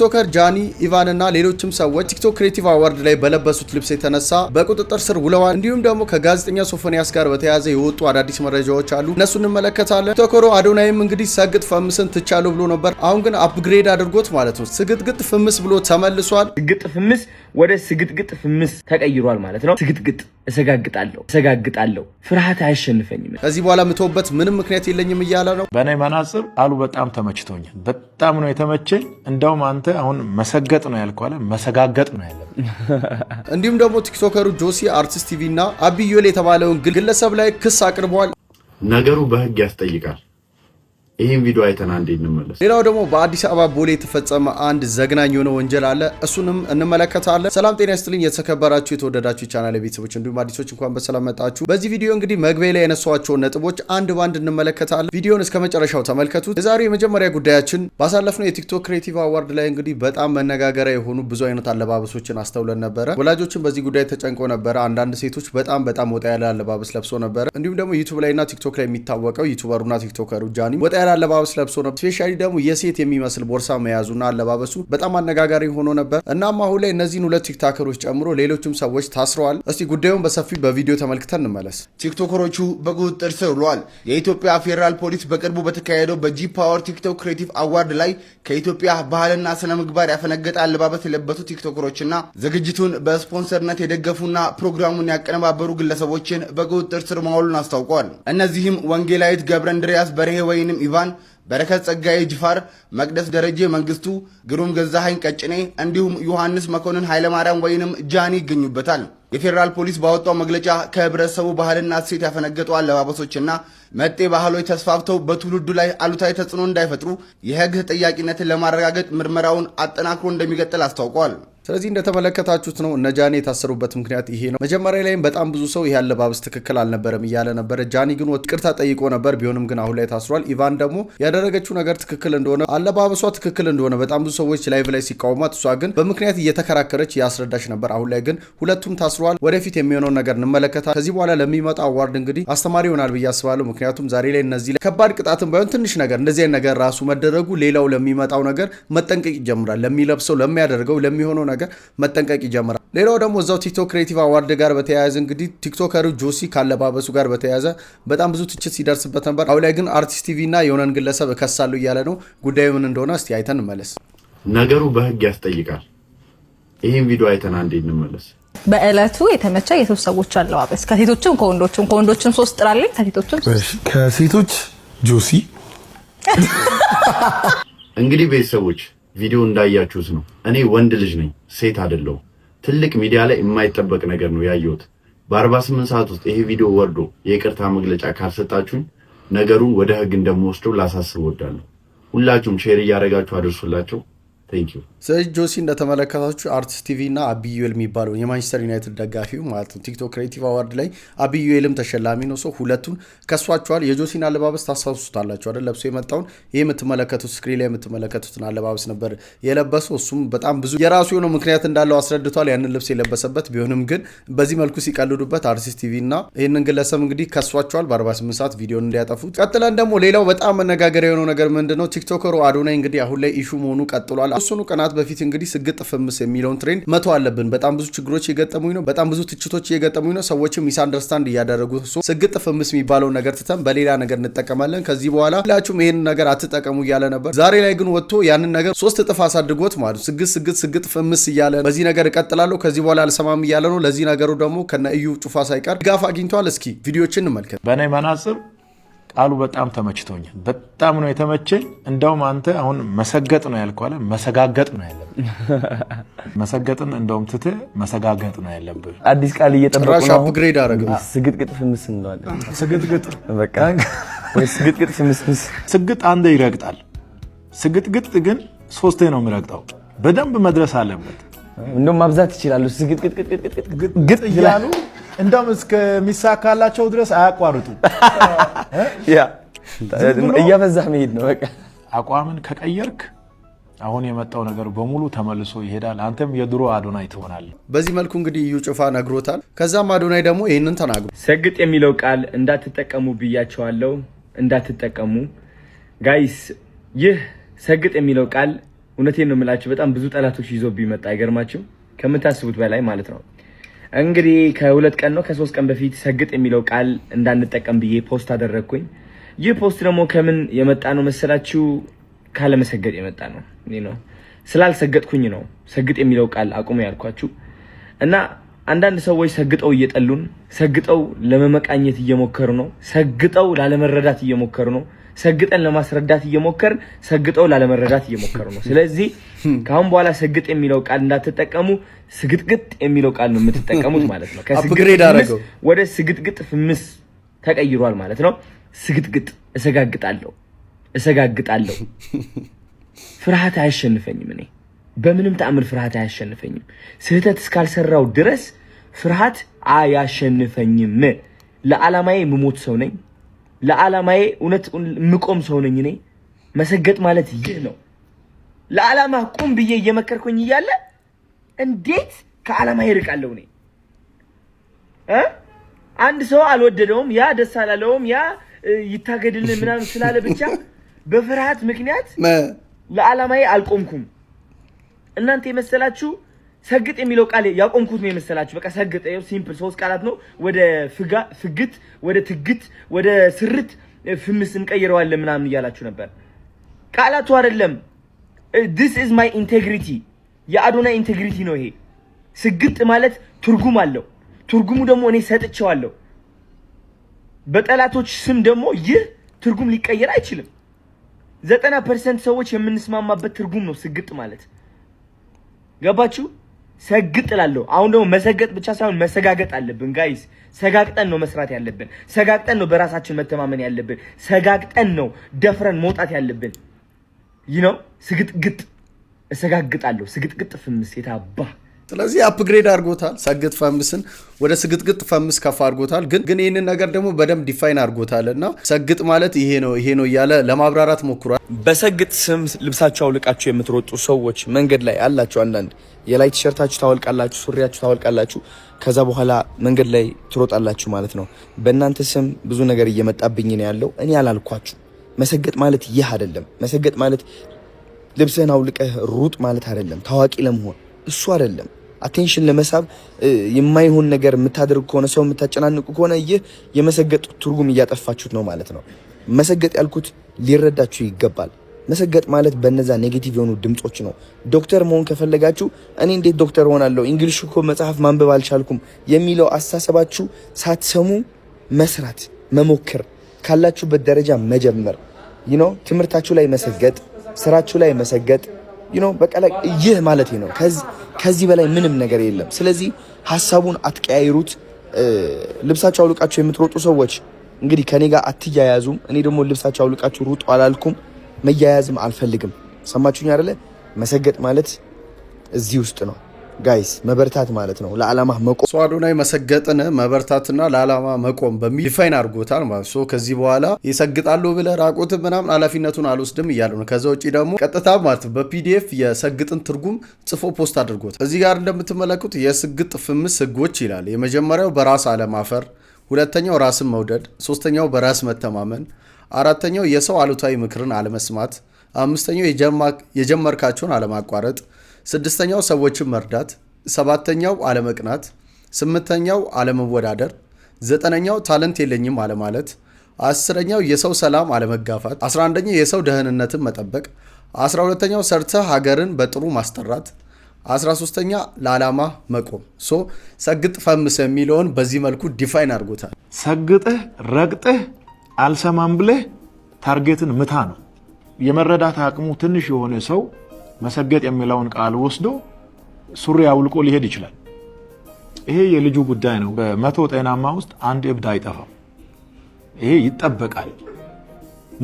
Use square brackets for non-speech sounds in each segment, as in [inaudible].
ቲክቶከር ጃኒ ኢቫን እና ሌሎችም ሰዎች ቲክቶክ ክሬቲቭ አዋርድ ላይ በለበሱት ልብስ የተነሳ በቁጥጥር ስር ውለዋል። እንዲሁም ደግሞ ከጋዜጠኛ ሶፎንያስ ጋር በተያያዘ የወጡ አዳዲስ መረጃዎች አሉ፣ እነሱ እንመለከታለን። ቲክቶከሩ አዶናይም እንግዲህ ሰግጥ ፈምስን ትቻለሁ ብሎ ነበር። አሁን ግን አፕግሬድ አድርጎት ማለት ነው ስግጥግጥ ፍምስ ብሎ ተመልሷል። ስግጥ ፍምስ ወደ ስግጥግጥ ፍምስ ተቀይሯል ማለት ነው። ስግጥግጥ እሰጋግጣለሁ እሰጋግጣለሁ፣ ፍርሃት አያሸንፈኝም፣ ከዚህ በኋላ ምትወበት ምንም ምክንያት የለኝም እያለ ነው። በእኔ መናጽር አሉ በጣም ተመችቶኛል። በጣም ነው የተመቸኝ። እንደውም አንተ አሁን መሰገጥ ነው ያልከው መሰጋገጥ ነው ያለ። [laughs] እንዲሁም ደግሞ ቲክቶከሩ ጆሲ አርቲስት ቲቪ እና አቢዮል የተባለውን ግለሰብ ላይ ክስ አቅርበዋል። ነገሩ በህግ ያስጠይቃል። ይህን ቪዲዮ አይተን አንዴ እንመለስ። ሌላው ደግሞ በአዲስ አበባ ቦሌ የተፈጸመ አንድ ዘግናኝ የሆነ ወንጀል አለ፣ እሱንም እንመለከታለን። ሰላም ጤና ይስጥልኝ የተከበራችሁ የተወደዳችሁ ቻናል ቤተሰቦች እንዲሁም አዲሶች እንኳን በሰላም መጣችሁ። በዚህ ቪዲዮ እንግዲህ መግቢያ ላይ ያነሷቸውን ነጥቦች አንድ በአንድ እንመለከታለን። ቪዲዮን እስከ መጨረሻው ተመልከቱት። የዛሬው የመጀመሪያ ጉዳያችን ባሳለፍነው የቲክቶክ ክሬቲቭ አዋርድ ላይ እንግዲህ በጣም መነጋገሪያ የሆኑ ብዙ አይነት አለባበሶችን አስተውለን ነበረ። ወላጆችን በዚህ ጉዳይ ተጨንቆ ነበረ። አንዳንድ ሴቶች በጣም በጣም ወጣ ያለ አለባበስ ለብሶ ነበረ። እንዲሁም ደግሞ ዩቱብ ላይና ቲክቶክ ላይ የሚታወቀው ዩቱበሩና ቲክቶከሩ ጃኒ ወጣ ያለ አለባበስ ለብሶ ነበር። ስፔሻሊ ደግሞ የሴት የሚመስል ቦርሳ መያዙና አለባበሱ በጣም አነጋጋሪ ሆኖ ነበር። እናም አሁን ላይ እነዚህን ሁለት ቲክታከሮች ጨምሮ ሌሎችም ሰዎች ታስረዋል። እስቲ ጉዳዩን በሰፊው በቪዲዮ ተመልክተን እንመለስ። ቲክቶከሮቹ በቁጥጥር ስር ውሏል። የኢትዮጵያ ፌዴራል ፖሊስ በቅርቡ በተካሄደው በጂ ፓወር ቲክቶክ ክሬቲቭ አዋርድ ላይ ከኢትዮጵያ ባህልና ስነ ምግባር ያፈነገጠ አለባበስ የለበሱ ቲክቶከሮችና ዝግጅቱን በስፖንሰርነት የደገፉና ፕሮግራሙን ያቀነባበሩ ግለሰቦችን በቁጥጥር ስር ማዋሉን አስታውቋል። እነዚህም ወንጌላዊት ገብረ እንድሪያስ በርሄ ወይንም ኢቫ ብርቱካን በረከት ጸጋዬ ጅፋር፣ መቅደስ ደረጀ መንግስቱ፣ ግሩም ገዛሀኝ ቀጭኔ እንዲሁም ዮሐንስ መኮንን ኃይለማርያም ወይንም ጃኒ ይገኙበታል። የፌዴራል ፖሊስ ባወጣው መግለጫ ከህብረተሰቡ ባህልና እሴት ያፈነገጡ አለባበሶችና መጤ ባህሎች ተስፋፍተው በትውልዱ ላይ አሉታዊ ተጽዕኖ እንዳይፈጥሩ የህግ ተጠያቂነትን ለማረጋገጥ ምርመራውን አጠናክሮ እንደሚቀጥል አስታውቋል። ስለዚህ እንደተመለከታችሁት ነው እነ ጃኒ የታሰሩበት ምክንያት ይሄ ነው። መጀመሪያ ላይም በጣም ብዙ ሰው ይህ አለባበስ ትክክል አልነበረም እያለ ነበረ። ጃኒ ግን ይቅርታ ጠይቆ ነበር። ቢሆንም ግን አሁን ላይ ታስሯል። ኢቫን ደግሞ ያደረገችው ነገር ትክክል እንደሆነ፣ አለባበሷ ትክክል እንደሆነ በጣም ብዙ ሰዎች ላይቭ ላይ ሲቃወሟት፣ እሷ ግን በምክንያት እየተከራከረች እያስረዳች ነበር። አሁን ላይ ግን ሁለቱም ታስሯል። ወደፊት የሚሆነውን ነገር እንመለከታል። ከዚህ በኋላ ለሚመጣ አዋርድ እንግዲህ አስተማሪ ይሆናል ብዬ አስባለሁ። ምክንያቱም ዛሬ ላይ እነዚህ ላይ ከባድ ቅጣትም ባይሆን ትንሽ ነገር እንደዚህ ነገር ራሱ መደረጉ ሌላው ለሚመጣው ነገር መጠንቀቅ ይጀምራል። ለሚለብሰው፣ ለሚያደርገው፣ ለሚሆነው ነገር ነገር መጠንቀቅ ይጀምራል። ሌላው ደግሞ እዛው ቲክቶክ ክሬቲቭ አዋርድ ጋር በተያያዘ እንግዲህ ቲክቶከሩ ጆሲ ካለባበሱ ጋር በተያያዘ በጣም ብዙ ትችት ሲደርስበት ነበር። አሁን ላይ ግን አርቲስት ቲቪ እና የሆነን ግለሰብ እከሳሉ እያለ ነው። ጉዳዩ ምን እንደሆነ እስቲ አይተን እንመለስ። ነገሩ በህግ ያስጠይቃል። ይህም ቪዲዮ አይተን አንዴ እንመለስ። በእለቱ የተመቸ የሶስት ሰዎች አለባበስ ከሴቶችም ከወንዶችም ከወንዶችም ሶስት ጥራለኝ ከሴቶችም ከሴቶች ጆሲ እንግዲህ ቤተሰቦች ቪዲዮ እንዳያችሁት ነው። እኔ ወንድ ልጅ ነኝ፣ ሴት አይደለሁም። ትልቅ ሚዲያ ላይ የማይጠበቅ ነገር ነው ያየሁት። በ48 ሰዓት ውስጥ ይሄ ቪዲዮ ወርዶ የይቅርታ መግለጫ ካልሰጣችሁኝ ነገሩን ወደ ህግ እንደምወስደው ላሳስብ እወዳለሁ። ሁላችሁም ሼር እያደረጋችሁ አድርሱላቸው። ስለዚህ ጆሲ እንደተመለከታችሁ አርትስ ቲቪ እና አብዩኤል የሚባለው የማንቸስተር ዩናይትድ ደጋፊው ማለት ነው ቲክቶክ ክሬቲቭ አዋርድ ላይ አብዩኤልም ተሸላሚ ነው። ሰው ሁለቱን ከሷቸዋል። የጆሲን አለባበስ ታስታውሱታላችሁ አይደል? ለብሶ የመጣውን ይህ የምትመለከቱት ስክሪን ላይ የምትመለከቱትን አለባበስ ነበር የለበሰው። እሱም በጣም ብዙ የራሱ የሆነው ምክንያት እንዳለው አስረድቷል። ያንን ልብስ የለበሰበት ቢሆንም ግን በዚህ መልኩ ሲቀልዱበት አርቲስት ቲቪ እና ይህንን ግለሰብ እንግዲህ ከሷቸዋል በ48 ሰዓት ቪዲዮን እንዲያጠፉት። ቀጥለን ደግሞ ሌላው በጣም መነጋገሪያ የሆነው ነገር ምንድነው ቲክቶከሩ አዶናይ እንግዲህ አሁን ላይ ኢሹ መሆኑ ቀጥሏል። ከተወሰኑ ቀናት በፊት እንግዲህ ስግጥ ፍምስ የሚለውን ትሬንድ መቶ አለብን። በጣም ብዙ ችግሮች የገጠሙኝ ነው፣ በጣም ብዙ ትችቶች የገጠሙኝ ነው። ሰዎችም ሚስ አንደርስታንድ እያደረጉ ስግጥ ፍምስ የሚባለው ነገር ትተን በሌላ ነገር እንጠቀማለን። ከዚህ በኋላ ሁላችሁም ይሄን ነገር አትጠቀሙ እያለ ነበር። ዛሬ ላይ ግን ወጥቶ ያንን ነገር ሶስት እጥፍ አሳድጎት ማለት ስግጥ ስግጥ ስግጥ ፍምስ እያለ በዚህ ነገር እቀጥላለሁ ከዚህ በኋላ አልሰማም እያለ ነው። ለዚህ ነገሩ ደግሞ ከነ እዩ ጩፋ ሳይቀር ድጋፍ አግኝቷል። እስኪ ቪዲዮችን እንመልከት። በእኔ መናጽር ቃሉ በጣም ተመችቶኛል። በጣም ነው የተመቸኝ። እንደውም አንተ አሁን መሰገጥ ነው ያልከው መሰጋገጥ ነው ያለብህ። [laughs] መሰገጥን እንደውም ትተህ መሰጋገጥ ነው ያለብህ። አዲስ ቃል እየጠበቁ ነው። አፕግሬድ አደረግን። ስግጥግጥ ፍምስ እንለዋለን። ስግጥግጥ በቃ ወይ ስግጥግጥ ፍምስምስ። ስግጥ አንዴ ይረግጣል። ስግጥግጥ ግን ሶስቴ ነው የሚረግጠው። በደንብ መድረስ አለበት። እንደውም ማብዛት ይችላሉ። ግጥ እያሉ እንደውም እስከሚሳካላቸው ድረስ አያቋርጡ። እያበዛህ መሄድ ነው በቃ። አቋምን ከቀየርክ አሁን የመጣው ነገር በሙሉ ተመልሶ ይሄዳል። አንተም የድሮ አዶናይ ትሆናለህ። በዚህ መልኩ እንግዲህ እዩ ጩፋ ነግሮታል። ከዛም አዶናይ ደግሞ ይህንን ተናግሮ ሰግጥ የሚለው ቃል እንዳትጠቀሙ ብያቸዋለሁ፣ እንዳትጠቀሙ ጋይስ። ይህ ሰግጥ የሚለው ቃል እውነቴን ነው የምላችሁ በጣም ብዙ ጠላቶች ይዞ መጣ። አይገርማችሁ? ከምታስቡት በላይ ማለት ነው። እንግዲህ ከሁለት ቀን ነው ከሶስት ቀን በፊት ሰግጥ የሚለው ቃል እንዳንጠቀም ብዬ ፖስት አደረግኩኝ። ይህ ፖስት ደግሞ ከምን የመጣ ነው መሰላችሁ? ካለመሰገጥ የመጣ ነው ነው ስላልሰገጥኩኝ ነው ሰግጥ የሚለው ቃል አቁሙ ያልኳችሁ እና አንዳንድ ሰዎች ሰግጠው እየጠሉን፣ ሰግጠው ለመመቃኘት እየሞከሩ ነው። ሰግጠው ላለመረዳት እየሞከሩ ነው። ሰግጠን ለማስረዳት እየሞከርን ሰግጠው ላለመረዳት እየሞከሩ ነው። ስለዚህ ከአሁን በኋላ ሰግጥ የሚለው ቃል እንዳትጠቀሙ፣ ስግጥግጥ የሚለው ቃል ነው የምትጠቀሙት ማለት ነው። ከስግጥ ወደ ስግጥግጥ ፍምስ ተቀይሯል ማለት ነው። ስግጥግጥ እሰጋግጣለሁ፣ እሰጋግጣለሁ። ፍርሃት አያሸንፈኝም። እኔ በምንም ተአምር ፍርሃት አያሸንፈኝም። ስህተት እስካልሰራው ድረስ ፍርሃት አያሸንፈኝም። ለዓላማዬ የምሞት ሰው ነኝ። ለዓላማዬ እውነት የምቆም ሰው ነኝ። እኔ መሰገጥ ማለት ይህ ነው። ለዓላማ ቁም ብዬ እየመከርኩኝ እያለ እንዴት ከዓላማ ይርቃለሁ? እኔ አንድ ሰው አልወደደውም፣ ያ ደስ አላለውም፣ ያ ይታገድልን ምናምን ስላለ ብቻ በፍርሃት ምክንያት ለዓላማዬ አልቆምኩም። እናንተ የመሰላችሁ ሰግጥ የሚለው ቃል ያቆምኩት ነው የመሰላችሁ። በቃ ሰግጥ ሲምፕል ሶስት ቃላት ነው። ወደ ፍጋ፣ ፍግት፣ ወደ ትግት፣ ወደ ስርት፣ ፍምስ እንቀይረዋለን ምናምን እያላችሁ ነበር። ቃላቱ አይደለም። ዲስ ኢዝ ማይ ኢንቴግሪቲ፣ የአዶና ኢንቴግሪቲ ነው ይሄ። ስግጥ ማለት ትርጉም አለው። ትርጉሙ ደግሞ እኔ ሰጥቼዋለሁ። በጠላቶች ስም ደግሞ ይህ ትርጉም ሊቀየር አይችልም። ዘጠና ፐርሰንት ሰዎች የምንስማማበት ትርጉም ነው ስግጥ ማለት ገባችሁ? ሰግጥ እላለሁ። አሁን ደግሞ መሰገጥ ብቻ ሳይሆን መሰጋገጥ አለብን ጋይስ። ሰጋግጠን ነው መስራት ያለብን። ሰጋግጠን ነው በራሳችን መተማመን ያለብን። ሰጋግጠን ነው ደፍረን መውጣት ያለብን። ይህ ነው ስግጥግጥ። እሰጋግጣለሁ ስግጥግጥ ፍምስ የታባ ስለዚህ አፕግሬድ አድርጎታል። ሰግጥ ፈምስን ወደ ስግጥግጥ ፈምስ ከፍ አድርጎታል። ግን ግን ይህንን ነገር ደግሞ በደንብ ዲፋይን አድርጎታል እና ሰግጥ ማለት ይሄ ነው ይሄ ነው እያለ ለማብራራት ሞክሯል። በሰግጥ ስም ልብሳቸው አውልቃቸው የምትሮጡ ሰዎች መንገድ ላይ አላቸው አንዳንድ የላይ ቲሸርታችሁ ታወልቃላችሁ፣ ሱሪያችሁ ታወልቃላችሁ። ከዛ በኋላ መንገድ ላይ ትሮጣላችሁ ማለት ነው። በእናንተ ስም ብዙ ነገር እየመጣብኝ ነው ያለው። እኔ አላልኳችሁ። መሰገጥ ማለት ይህ አይደለም። መሰገጥ ማለት ልብስህን አውልቀህ ሩጥ ማለት አይደለም። ታዋቂ ለመሆን እሱ አይደለም። አቴንሽን ለመሳብ የማይሆን ነገር የምታደርግ ከሆነ ሰው የምታጨናንቁ ከሆነ ይህ የመሰገጥ ትርጉም እያጠፋችሁት ነው ማለት ነው። መሰገጥ ያልኩት ሊረዳችሁ ይገባል። መሰገጥ ማለት በነዛ ኔጌቲቭ የሆኑ ድምፆች ነው። ዶክተር መሆን ከፈለጋችሁ እኔ እንዴት ዶክተር ሆናለሁ እንግሊሽ እኮ መጽሐፍ ማንበብ አልቻልኩም የሚለው አስተሳሰባችሁ ሳትሰሙ መስራት፣ መሞከር፣ ካላችሁበት ደረጃ መጀመር፣ ትምህርታችሁ ላይ መሰገጥ፣ ስራችሁ ላይ መሰገጥ በቀለ ይህ ማለት ነው። ከዚህ በላይ ምንም ነገር የለም። ስለዚህ ሀሳቡን አትቀያይሩት። ልብሳቸው አውልቃቸው የምትሮጡ ሰዎች እንግዲህ ከኔ ጋር አትያያዙም። እኔ ደግሞ ልብሳቸው አውልቃቸው ሩጡ አላልኩም። መያያዝም አልፈልግም። ሰማችሁኝ አደለ? መሰገጥ ማለት እዚህ ውስጥ ነው። ጋይስ መበርታት ማለት ነው። ለዓላማ መቆም ሰው አዶናይ መሰገጥን መበርታትና ለዓላማ መቆም በሚል ዲፋይን አድርጎታል ማለት ነው። ከዚህ በኋላ ይሰግጣሉ ብለህ ራቁት ምናምን ኃላፊነቱን አልወስድም እያሉ ነው። ከዛ ውጭ ደግሞ ቀጥታ ማለት በፒዲኤፍ የሰግጥን ትርጉም ጽፎ ፖስት አድርጎታል። እዚህ ጋር እንደምትመለከቱት የስግጥ ፍምስ ህጎች ይላል። የመጀመሪያው በራስ አለማፈር፣ ሁለተኛው ራስን መውደድ፣ ሶስተኛው በራስ መተማመን፣ አራተኛው የሰው አሉታዊ ምክርን አለመስማት፣ አምስተኛው የጀመርካቸውን አለማቋረጥ ስድስተኛው ሰዎችን መርዳት፣ ሰባተኛው አለመቅናት፣ ስምንተኛው አለመወዳደር፣ ዘጠነኛው ታለንት የለኝም አለማለት፣ አስረኛው የሰው ሰላም አለመጋፋት፣ አስራ አንደኛው የሰው ደህንነትን መጠበቅ፣ አስራ ሁለተኛው ሰርተ ሀገርን በጥሩ ማስጠራት፣ አስራ ሶስተኛ ለዓላማ መቆም። ሶ ሰግጥ ፈምስ የሚለውን በዚህ መልኩ ዲፋይን አድርጎታል። ሰግጥህ ረግጥህ አልሰማም ብለህ ታርጌትን ምታ ነው። የመረዳት አቅሙ ትንሽ የሆነ ሰው መሰገጥ የሚለውን ቃል ወስዶ ሱሪ አውልቆ ሊሄድ ይችላል። ይሄ የልጁ ጉዳይ ነው። በመቶ ጤናማ ውስጥ አንድ እብድ አይጠፋም። ይሄ ይጠበቃል።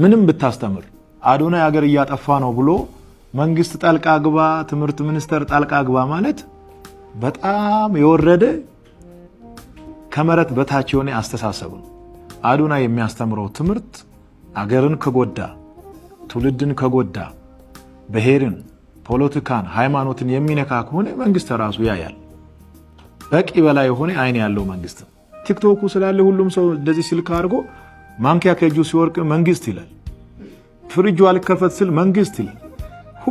ምንም ብታስተምር አዶናይ ሀገር እያጠፋ ነው ብሎ መንግስት ጣልቃ ግባ፣ ትምህርት ሚኒስቴር ጣልቃ ግባ ማለት በጣም የወረደ ከመረት በታች የሆነ አስተሳሰብ ነው። አዶናይ የሚያስተምረው ትምህርት አገርን ከጎዳ ትውልድን ከጎዳ ብሔርን ፖለቲካን፣ ሃይማኖትን የሚነካ ከሆነ መንግስት ራሱ ያያል። በቂ በላይ የሆነ አይን ያለው መንግስት ነው። ቲክቶኩ ስላለ ሁሉም ሰው እንደዚህ ስልክ አድርጎ ማንኪያ ከእጁ ሲወርቅ መንግስት ይላል። ፍሪጁ አልከፈት ስል መንግስት ይላል።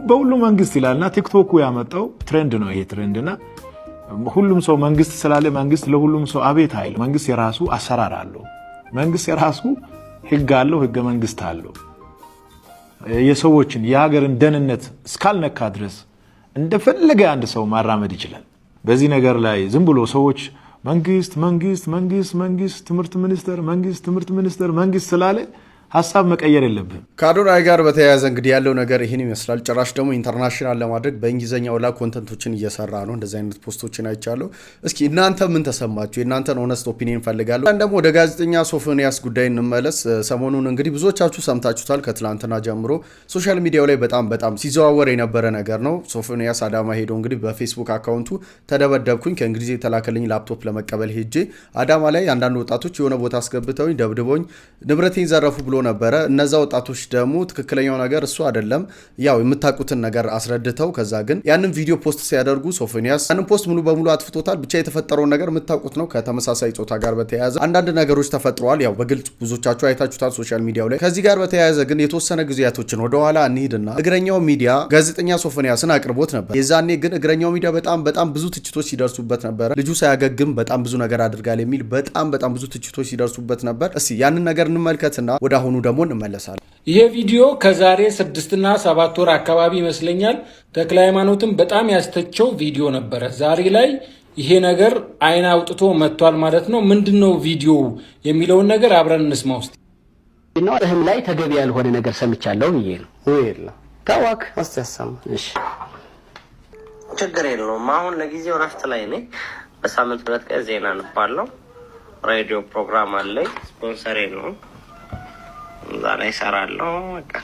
በሁሉም መንግስት ይላል እና ቲክቶኩ ያመጣው ትሬንድ ነው ይሄ ትሬንድ እና ሁሉም ሰው መንግስት ስላለ መንግስት ለሁሉም ሰው አቤት አይል። መንግስት የራሱ አሰራር አለው። መንግስት የራሱ ህግ አለው። ህገ መንግስት አለው። የሰዎችን የሀገርን ደህንነት እስካልነካ ድረስ እንደፈለገ አንድ ሰው ማራመድ ይችላል። በዚህ ነገር ላይ ዝም ብሎ ሰዎች መንግስት መንግስት መንግስት መንግስት ትምህርት ሚኒስቴር መንግስት ትምህርት ሚኒስቴር መንግስት ስላለ ሀሳብ መቀየር የለብህም። ከአዶናይ ጋር በተያያዘ እንግዲህ ያለው ነገር ይህን ይመስላል። ጭራሽ ደግሞ ኢንተርናሽናል ለማድረግ በእንግሊዝኛ ወላ ኮንተንቶችን እየሰራ ነው። እንደዚህ አይነት ፖስቶችን አይቻለሁ። እስኪ እናንተ ምን ተሰማችሁ? የእናንተን ኦነስት ኦፒኒየን ፈልጋለሁ። ደግሞ ወደ ጋዜጠኛ ሶፎንያስ ጉዳይ እንመለስ። ሰሞኑን እንግዲህ ብዙዎቻችሁ ሰምታችሁታል። ከትላንትና ጀምሮ ሶሻል ሚዲያው ላይ በጣም በጣም ሲዘዋወር የነበረ ነገር ነው። ሶፎንያስ አዳማ ሄዶ እንግዲህ በፌስቡክ አካውንቱ ተደበደብኩኝ፣ ከእንግሊዝ የተላከልኝ ላፕቶፕ ለመቀበል ሄጄ አዳማ ላይ አንዳንድ ወጣቶች የሆነ ቦታ አስገብተውኝ ደብድበውኝ ንብረቴን ዘረፉ ብሎ ነበረ። እነዛ ወጣቶች ደግሞ ትክክለኛው ነገር እሱ አይደለም፣ ያው የምታውቁትን ነገር አስረድተው ከዛ ግን ያንን ቪዲዮ ፖስት ሲያደርጉ ሶፎንያስ ያንን ፖስት ሙሉ በሙሉ አጥፍቶታል። ብቻ የተፈጠረውን ነገር የምታውቁት ነው። ከተመሳሳይ ጾታ ጋር በተያያዘ አንዳንድ ነገሮች ተፈጥረዋል። ያው በግልጽ ብዙቻችሁ አይታችሁታል ሶሻል ሚዲያው ላይ። ከዚህ ጋር በተያያዘ ግን የተወሰነ ጊዜያቶችን ወደኋላ እንሂድና እግረኛው ሚዲያ ጋዜጠኛ ሶፎንያስን አቅርቦት ነበር። የዛኔ ግን እግረኛው ሚዲያ በጣም በጣም ብዙ ትችቶች ሲደርሱበት ነበረ። ልጁ ሳያገግም በጣም ብዙ ነገር አድርጋል የሚል በጣም በጣም ብዙ ትችቶች ሲደርሱበት ነበር። እስኪ ያንን ነገር እንመልከትና ወደ አሁኑ ሰሞኑ ደግሞ እንመለሳለን። ይሄ ቪዲዮ ከዛሬ ስድስትና ሰባት ወር አካባቢ ይመስለኛል ተክለ ሃይማኖትን በጣም ያስተቸው ቪዲዮ ነበረ። ዛሬ ላይ ይሄ ነገር አይን አውጥቶ መጥቷል ማለት ነው። ምንድን ነው ቪዲዮ የሚለውን ነገር አብረን እንስማ። ውስጥ ህም ላይ ተገቢ ያልሆነ ነገር ሰምቻለሁ ብዬ ነው ታዋክ ያሰማ ችግር የለውም። አሁን ለጊዜው ረፍት ላይ ነኝ። በሳምንት ሁለት ቀን ዜና እንባለው ሬዲዮ ፕሮግራም አለኝ። ስፖንሰሬ ነው። እዛ ላይ እሰራለሁ።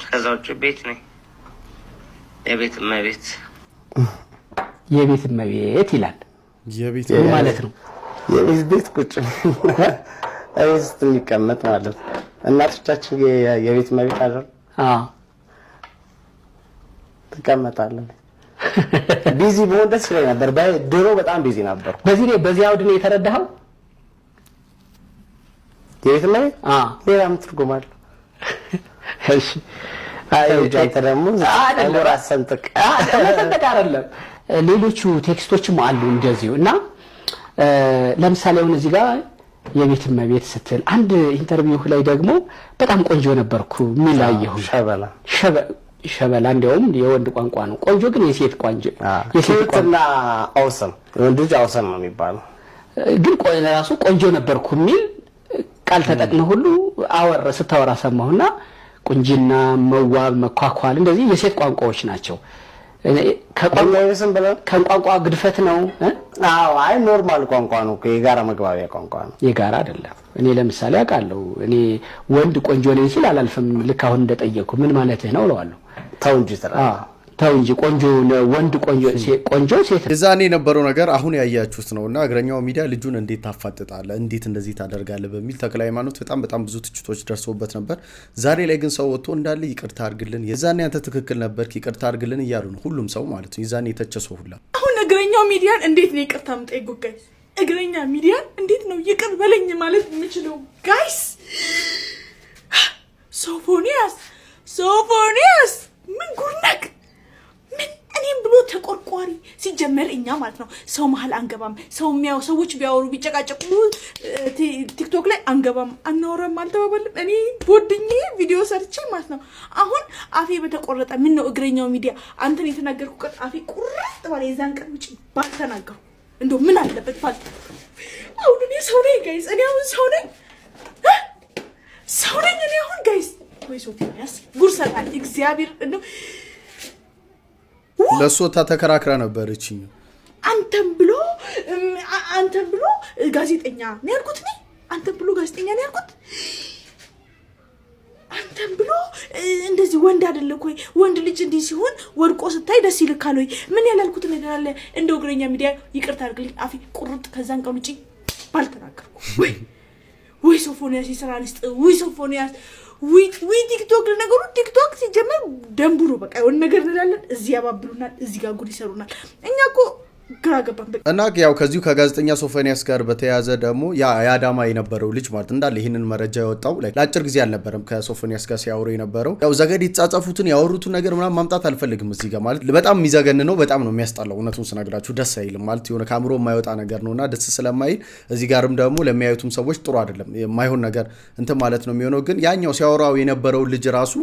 ከዛ ውጭ ቤት ነኝ። የቤት እመቤት የቤት እመቤት ይላል ማለት ነው። የቤት ቤት ቁጭ ቤት ውስጥ የሚቀመጥ ማለት ነው። እናቶቻችን የቤት እመቤት አለ ትቀመጣለን። ቢዚ በሆን ደስ ይለኝ ነበር። ድሮ በጣም ቢዚ ነበር። በዚህ በዚህ አውድ ነው የተረዳኸው የቤት እመቤት ሌላም ትርጉም አለው እሺ አንተ ደግሞ ሰንጥቅ መሰንጠቅ አይደለም። ሌሎቹ ቴክስቶችም አሉ እንደዚሁ እና ለምሳሌ አሁን እዚህ ጋር የቤት እመቤት ስትል አንድ ኢንተርቪው ላይ ደግሞ በጣም ቆንጆ ነበርኩ የሚል አየሁ። ሸበላ ሸበላ እንዲያውም የወንድ ቋንቋ ነው። ቆንጆ ግን የሴት ቋንጆ የሴትና አውሰም ወንድ ልጅ አውሰም ነው የሚባለው። ግን ራሱ ቆንጆ ነበርኩ የሚል ቃል ተጠቅመ ሁሉ አወር ስታወራ ሰማሁና ቁንጅና፣ መዋብ፣ መኳኳል እንደዚህ የሴት ቋንቋዎች ናቸው። ከቋንቋ ግድፈት ነው። አይ ኖርማል ቋንቋ ነው። የጋራ መግባቢያ ቋንቋ ነው። የጋራ አይደለም። እኔ ለምሳሌ አውቃለሁ። እኔ ወንድ ቆንጆ ነኝ ሲል አላልፍም። ልክ አሁን እንደጠየቅኩ ምን ማለትህ ነው እለዋለሁ። ተው እንጂ ተው እንጂ ቆንጆ ወንድ ቆንጆ ሴት እዛኔ የነበረው ነገር አሁን ያያችሁት ነው። እና እግረኛው ሚዲያ ልጁን እንዴት ታፋጥጣለ፣ እንዴት እንደዚህ ታደርጋለ በሚል ተክለ ሃይማኖት በጣም በጣም ብዙ ትችቶች ደርሶበት ነበር። ዛሬ ላይ ግን ሰው ወጥቶ እንዳለ ይቅርታ አርግልን፣ የዛኔ አንተ ትክክል ነበር፣ ይቅርታ አርግልን እያሉ ነው። ሁሉም ሰው ማለት ነው። የዛኔ የተቸ ሰው ሁላ አሁን እግረኛው ሚዲያን እንዴት ነው ይቅርታ ምጠይቁ? ጋይስ እግረኛ ሚዲያን እንዴት ነው ይቅር በለኝ ማለት የምችለው? ጋይስ ሶፎኒያስ ሶፎ ሲጀመር እኛ ማለት ነው ሰው መሀል አንገባም። ሰው የሚያው ሰዎች ቢያወሩ ቢጨቃጨቁ ቲክቶክ ላይ አንገባም፣ አናወራም፣ አልተባባልም። እኔ ቦድኝ ቪዲዮ ሰርቼ ማለት ነው አሁን አፌ በተቆረጠ ምን ነው እግረኛው ሚዲያ አንተን የተናገርኩ ቀን አፌ ቁርጥ ባለ የዛን ቀን ውጭ ባልተናገሩ እንደ ምን አለበት ባል አሁን እኔ ሰው ነኝ ጋይስ፣ እኔ አሁን ሰው ነኝ ሰው ነኝ እኔ አሁን ጋይስ ወይ ሶፊያስ ጉርሰታል እግዚአብሔር እንደው ለእሱ ተከራክራ ነበር። እችኝ አንተም ብሎ አንተም ብሎ ጋዜጠኛ ነው ያልኩት እኔ አንተም ብሎ ጋዜጠኛ ነው ያልኩት። አንተም ብሎ እንደዚህ ወንድ አይደለ ወይ? ወንድ ልጅ እንዲህ ሲሆን ወድቆ ስታይ ደስ ይልካል ወይ? ምን ያላልኩት ነገር አለ? እንደው እግረኛ ሚዲያ ይቅርታ አድርግልኝ፣ አፊ ቁርጥ። ከዛን ቀን ውጭ ባልተናገርኩ ወይ ወይ ሶፎንያስ የስራ ልስጥ ወይ ሶፎንያስ ቲክቶክ ለነገሩ ቲክቶክ ሲጀመር ደንቡ በቃ የሆነ ነገር እንላለን፣ እዚህ ያባብሉናል፣ እዚህ ጋር ጉድ ይሰሩናል። እኛ እኮ ግራ ገባን። እና ያው ከዚሁ ከጋዜጠኛ ሶፎንያስ ጋር በተያያዘ ደግሞ የአዳማ የነበረው ልጅ ማለት እንዳለ ይህንን መረጃ የወጣው ለአጭር ጊዜ አልነበረም ከሶፎንያስ ጋር ሲያወሩ የነበረው ያው ዘገድ የተጻጸፉትን ያወሩትን ነገር ምናምን ማምጣት አልፈልግም እዚህ ጋር ማለት በጣም የሚዘገን ነው። በጣም ነው የሚያስጠላው። እውነቱን ስነግራችሁ ደስ አይልም ማለት የሆነ ከአእምሮ የማይወጣ ነገር ነው እና ደስ ስለማይል እዚህ ጋርም ደግሞ ለሚያዩትም ሰዎች ጥሩ አይደለም። የማይሆን ነገር እንትን ማለት ነው የሚሆነው። ግን ያኛው ሲያወራው የነበረው ልጅ ራሱ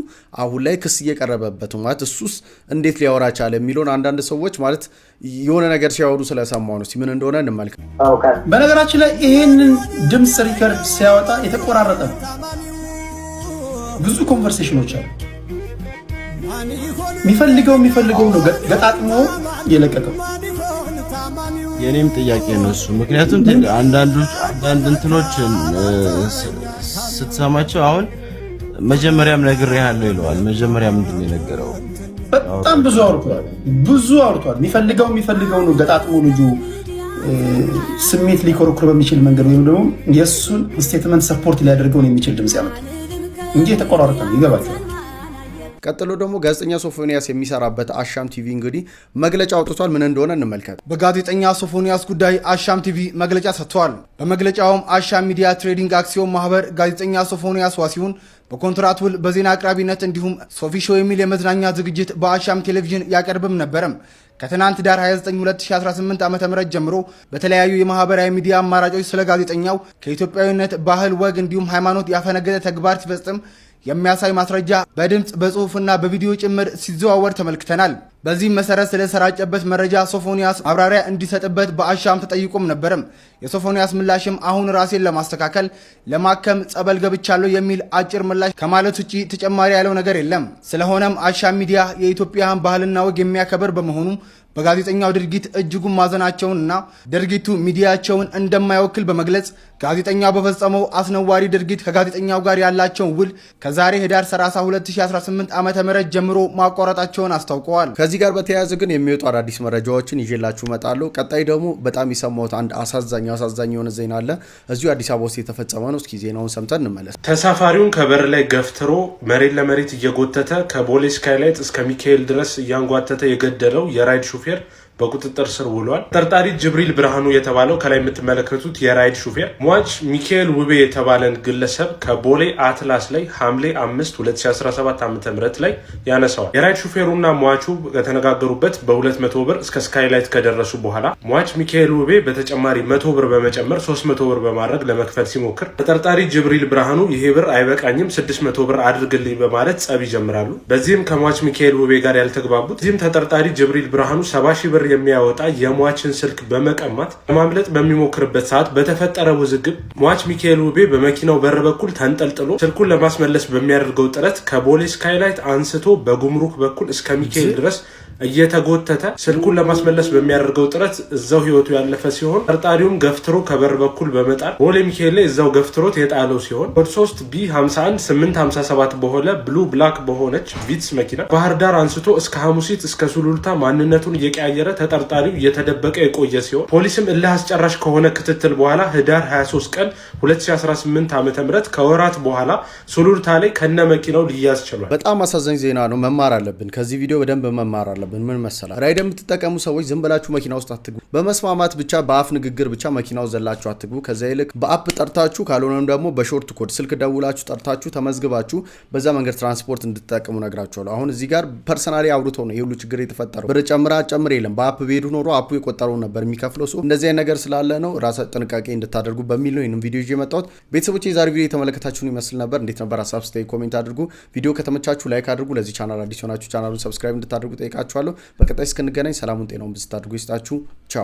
አሁን ላይ ክስ እየቀረበበት ማለት እሱስ እንዴት ሊያወራ ቻለ የሚለውን አንዳንድ ሰዎች ማለት የሆነ ነገር ሲያወሩ ስለሰማሁ ነው። ምን እንደሆነ እንመልከት። በነገራችን ላይ ይሄንን ድምፅ ሪከርድ ሲያወጣ የተቆራረጠ ብዙ ኮንቨርሴሽኖች አሉ። የሚፈልገው የሚፈልገው ነው ገጣጥሞ የለቀቀው። የእኔም ጥያቄ ነው እሱ። ምክንያቱም አንዳንድ እንትኖች ስትሰማቸው አሁን መጀመሪያም ነግሬሃለሁ ይለዋል። መጀመሪያ ምንድን ነው የነገረው በጣም ብዙ አውርቷል፣ ብዙ አውርቷል። የሚፈልገው የሚፈልገው ነው ገጣጥሞ ልጁ ስሜት ሊኮረኩር በሚችል መንገድ ወይም ደግሞ የእሱን ስቴትመንት ሰፖርት ሊያደርገውን የሚችል ድምፅ ያመጣ እንጂ የተቆራረጠ ነው። ይገባቸዋል ቀጥሎ ደግሞ ጋዜጠኛ ሶፎንያስ የሚሰራበት አሻም ቲቪ እንግዲህ መግለጫ አውጥቷል። ምን እንደሆነ እንመልከት። በጋዜጠኛ ሶፎንያስ ጉዳይ አሻም ቲቪ መግለጫ ሰጥቷል። በመግለጫውም አሻም ሚዲያ ትሬዲንግ አክሲዮን ማህበር ጋዜጠኛ ሶፎንያስ ዋሲሁን በኮንትራት ውል በዜና አቅራቢነት እንዲሁም ሶፊ ሾው የሚል የመዝናኛ ዝግጅት በአሻም ቴሌቪዥን ያቀርብም ነበረም ከትናንት ዳር 29 2018 ዓ ም ጀምሮ በተለያዩ የማህበራዊ ሚዲያ አማራጮች ስለ ጋዜጠኛው ከኢትዮጵያዊነት ባህል፣ ወግ እንዲሁም ሃይማኖት ያፈነገጠ ተግባር ሲፈጽም የሚያሳይ ማስረጃ በድምፅ በጽሁፍና በቪዲዮ ጭምር ሲዘዋወር ተመልክተናል። በዚህም መሰረት ስለሰራጨበት መረጃ ሶፎንያስ ማብራሪያ እንዲሰጥበት በአሻም ተጠይቆም ነበርም። የሶፎንያስ ምላሽም አሁን ራሴን ለማስተካከል ለማከም ጸበል ገብቻለሁ የሚል አጭር ምላሽ ከማለት ውጭ ተጨማሪ ያለው ነገር የለም። ስለሆነም አሻም ሚዲያ የኢትዮጵያን ባህልና ወግ የሚያከብር በመሆኑ በጋዜጠኛው ድርጊት እጅጉን ማዘናቸውንና ድርጊቱ ሚዲያቸውን እንደማይወክል በመግለጽ ጋዜጠኛው በፈጸመው አስነዋሪ ድርጊት ከጋዜጠኛው ጋር ያላቸውን ውል ከዛሬ ህዳር 30 2018 ዓ ም ጀምሮ ማቋረጣቸውን አስታውቀዋል። ከዚህ ጋር በተያያዘ ግን የሚወጡ አዳዲስ መረጃዎችን ይዤላችሁ እመጣለሁ። ቀጣይ ደግሞ በጣም የሰማሁት አንድ አሳዛኝ አሳዛኝ የሆነ ዜና አለ። እዚሁ አዲስ አበባ ውስጥ የተፈጸመ ነው። እስኪ ዜናውን ሰምተን እንመለስ። ተሳፋሪውን ከበር ላይ ገፍትሮ መሬት ለመሬት እየጎተተ ከቦሌ ስካይላይት እስከ ሚካኤል ድረስ እያንጓተተ የገደለው የራይድ ሹፌር በቁጥጥር ስር ውሏል። ጠርጣሪ ጅብሪል ብርሃኑ የተባለው ከላይ የምትመለከቱት የራይድ ሹፌር ሟች ሚካኤል ውቤ የተባለን ግለሰብ ከቦሌ አትላስ ላይ ሐምሌ 5 2017 ዓ ም ላይ ያነሳዋል። የራይድ ሹፌሩና ሟቹ ከተነጋገሩበት በ200 ብር እስከ ስካይላይት ከደረሱ በኋላ ሟች ሚካኤል ውቤ በተጨማሪ 100 ብር በመጨመር 300 ብር በማድረግ ለመክፈል ሲሞክር ተጠርጣሪ ጅብሪል ብርሃኑ ይሄ ብር አይበቃኝም 600 ብር አድርግልኝ በማለት ጸብ ይጀምራሉ። በዚህም ከሟች ሚካኤል ውቤ ጋር ያልተግባቡት እዚህም ተጠርጣሪ ጅብሪል ብርሃኑ 70 ብር የሚያወጣ የሟችን ስልክ በመቀማት ለማምለጥ በሚሞክርበት ሰዓት በተፈጠረ ውዝግብ ሟች ሚካኤል ውቤ በመኪናው በር በኩል ተንጠልጥሎ ስልኩን ለማስመለስ በሚያደርገው ጥረት ከቦሌ ስካይላይት አንስቶ በጉምሩክ በኩል እስከ ሚካኤል ድረስ እየተጎተተ ስልኩን ለማስመለስ በሚያደርገው ጥረት እዛው ህይወቱ ያለፈ ሲሆን ጠርጣሪውም ገፍትሮ ከበር በኩል በመጣል ቦሌ ሚካኤል ላይ እዛው ገፍትሮት የጣለው ሲሆን ኮድ 3 ቢ 51 857 በሆነ ብሉ ብላክ በሆነች ቪትስ መኪና ባህር ዳር አንስቶ እስከ ሐሙሲት እስከ ሱሉልታ ማንነቱን እየቀያየረ ተጠርጣሪው እየተደበቀ የቆየ ሲሆን ፖሊስም እልህ አስጨራሽ ከሆነ ክትትል በኋላ ህዳር 23 ቀን 2018 ዓ ም ከወራት በኋላ ሱሉልታ ላይ ከነ መኪናው ሊያዝ ችሏል። በጣም አሳዛኝ ዜና ነው። መማር አለብን። ከዚህ ቪዲዮ በደንብ መማር አለብን። አለብን። ምን መሰላ ራይድ የምትጠቀሙ ሰዎች ዝም ብላችሁ መኪና ውስጥ አትግቡ። በመስማማት ብቻ በአፍ ንግግር ብቻ መኪና ውስጥ ዘላችሁ አትግቡ። ከዚያ ይልቅ በአፕ ጠርታችሁ ካልሆነም ደግሞ በሾርት ኮድ ስልክ ደውላችሁ ጠርታችሁ ተመዝግባችሁ በዛ መንገድ ትራንስፖርት እንድትጠቀሙ ነግራችኋለሁ። አሁን እዚህ ጋር ፐርሰናሊ አውርቶ ነው ይህ ችግር የተፈጠረው። ብር ጨምራ ጨምር የለም በአፕ ብሄዱ ኖሮ አፑ የቆጠረውን ነበር የሚከፍለው። ሰው እንደዚህ አይነት ነገር ስላለ ነው ራሳ ጥንቃቄ እንድታደርጉ በሚል ነው ይህንም ቪዲዮ ይዤ የመጣሁት። ቤተሰቦች የዛሬ ቪዲዮ የተመለከታችሁን ይመስል ነበር። እንዴት ነበር? ሀሳብ ስታይ ኮሜንት አድርጉ። ቪዲዮ ከተመቻችሁ ላይክ አድርጉ። ለዚህ ቻናል አዲስ የሆናችሁ ቻናሉን ሰብስክራይብ እንድታደርጉ ጠይቃችኋል። እወዳችኋለሁ። በቀጣይ እስክንገናኝ ሰላሙን ጤናውን ብዝት ይስጣችሁ። ቻው